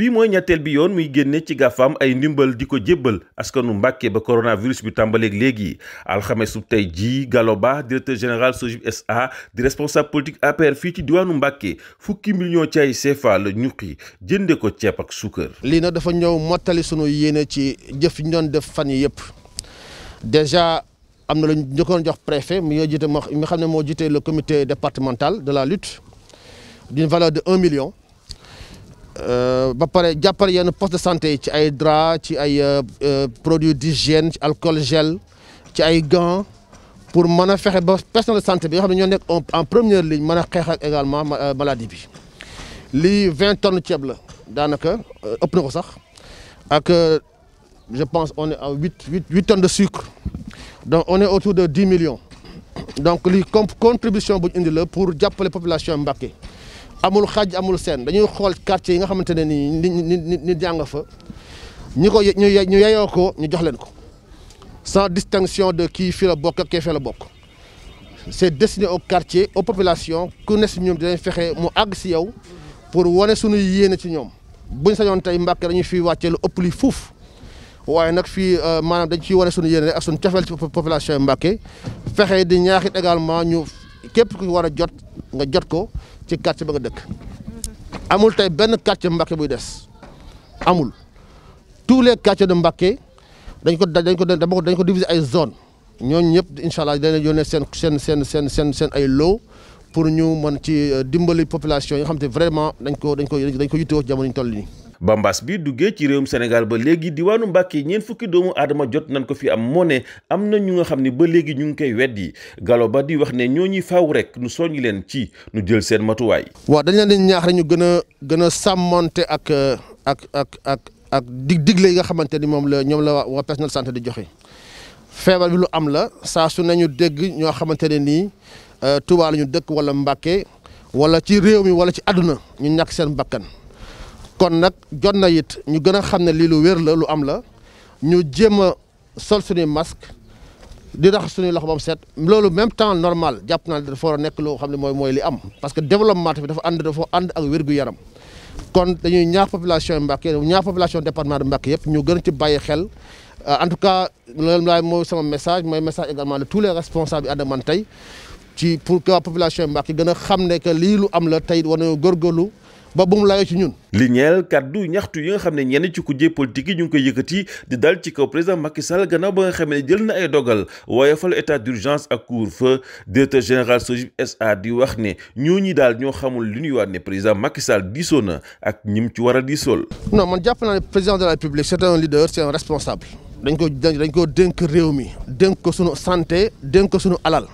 bi moy ñetteel bi yoon muy génné ci gafam ay ndimbal diko ko askanu mbacké ba coronavirus bi tambalé léegi alxames bu tey jii Gallo Ba directeur général Sojib SA di responsable politique APR fi ci diwanu mbacké fukki million ci ay CFA la ñu xi ko ceeb ak suukar. li na dafa ñew motali sunu yéene ci jëf ñon def fan yi yëpp déjà amna la lu jox préfet mu yojité mo xamné mo jité le comité départemental de la lutte d'une valeur de 1 million il y a des postes de santé, des draps, des euh, euh, produits d'hygiène, alcool gel, des gants pour faire des personnes de santé. en première ligne, également euh, maladie. Il 20 tonnes de tièbles dans Je pense qu'on est à 8, 8, 8 tonnes de sucre. Donc on est autour de 10 millions. Donc les contribution pour les populations embarquées amul amul dañuy quartier nga fa sans distinction de qui fait la bok, ak qui la bok c'est destiné au quartier aux populations ku ñom pour woné suñu yéne ci ñom buñ sañon tay dañuy fi waccé lu li fouf euh, dañ suñu ak suñu ci population yi nous di également ñu képp ku jot nga ci quartier ba nga dëkk amul tay benn quartier Mbacké buy dess amul tous les quartiers de Mbacké dañ ko dañ ko dañ ko diviser ay zone ñooñu ñëpp inshallah dañ dana yónnee sen sen sen sen sen seen ay lot pour ñu mën ci euh, dimbali population yi nga xam vraiment dañ ko dañ ko dañ ko yittewoo ci jamono ñu toll nii ba mbas bi duggee ci réewum Sénégal ba léegi diwaanu yi ñeent fukki doomu aadama jot nañ ko fi am moo ne am na ñu nga xam ni ba léegi ñu ngi koy weddi galo Ba di wax ne ñoo ñuy faaw rek nu soññi leen ci nu jël seen matuwaay. waaw dañ leen ñaax rek ñu gën a gën a sàmmonte ak ak ak yi nga xamante ni moom la ñoom la waa personnel santé di joxe feebar bi lu am la saa su nañu dégg ñoo xamante ne nii euh, Touba dëkk wala Mbàkke wala ci réew mi wala ci àdduna ñu ñàkk seen bakkan. kon nag jot na it ñu gën a xam ne lii lu wér la lu am la ñu jéem a sol suñuy masque di rax suñuy loxo ba mu set loolu même temps normal jàpp naa ne dafa war a nekk loo xam ne mooy mooy li parce que développement bi dafa ànd dafa ànd ak wér gu yaram kon dañuy ñaax population yi Mbacké ñaax population département de Mbacké yëpp ñu gën a ci bàyyi xel euh, en tout cas loolu laay mooy sama message mooy message également de tous les responsables yi ànd ak man tey ci pour que population yi gën a xam ne que lii lu am la tey war nañoo góorgóorlu ba bu mu laajoo ci ñun. li ñeel kàddu ñaxtu yi nga xam ne ñenn ci kujje politique yi ñu ngi koy yëkkati di dal ci kaw président Macky Sall gannaaw ba nga xam ne jël na ay dogal waaye fal état d'urgence ak couvre-feu directeur général SOGIP SA di wax ne ñooñu daal ñoo xamul li ñuy wax ne président Macky Sall diisoo na ak ñi mu ci war a diisool. non man jàpp naa ne président de la République c'est un leader c'est responsable. dañ ko dañ ko dénk réew mi dénk ko suñu santé dénk ko sunu alal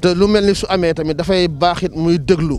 te lu mel ni su amee tamit dafay baax it muy déglu.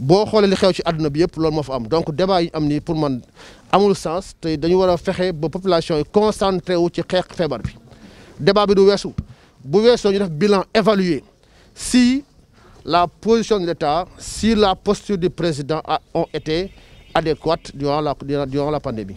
boo xoolee li xew ci àdduna bi yëpp loolu moo fa am donc débat yi am nii pour man amul sens te dañu war a ba population yi concentré wu ci xeex feebar bi débat bi du weesu bu weesoo ñu def bilan évalué si la position de l'État si la posture du président a ont été adéquates durant la durant la pandémie.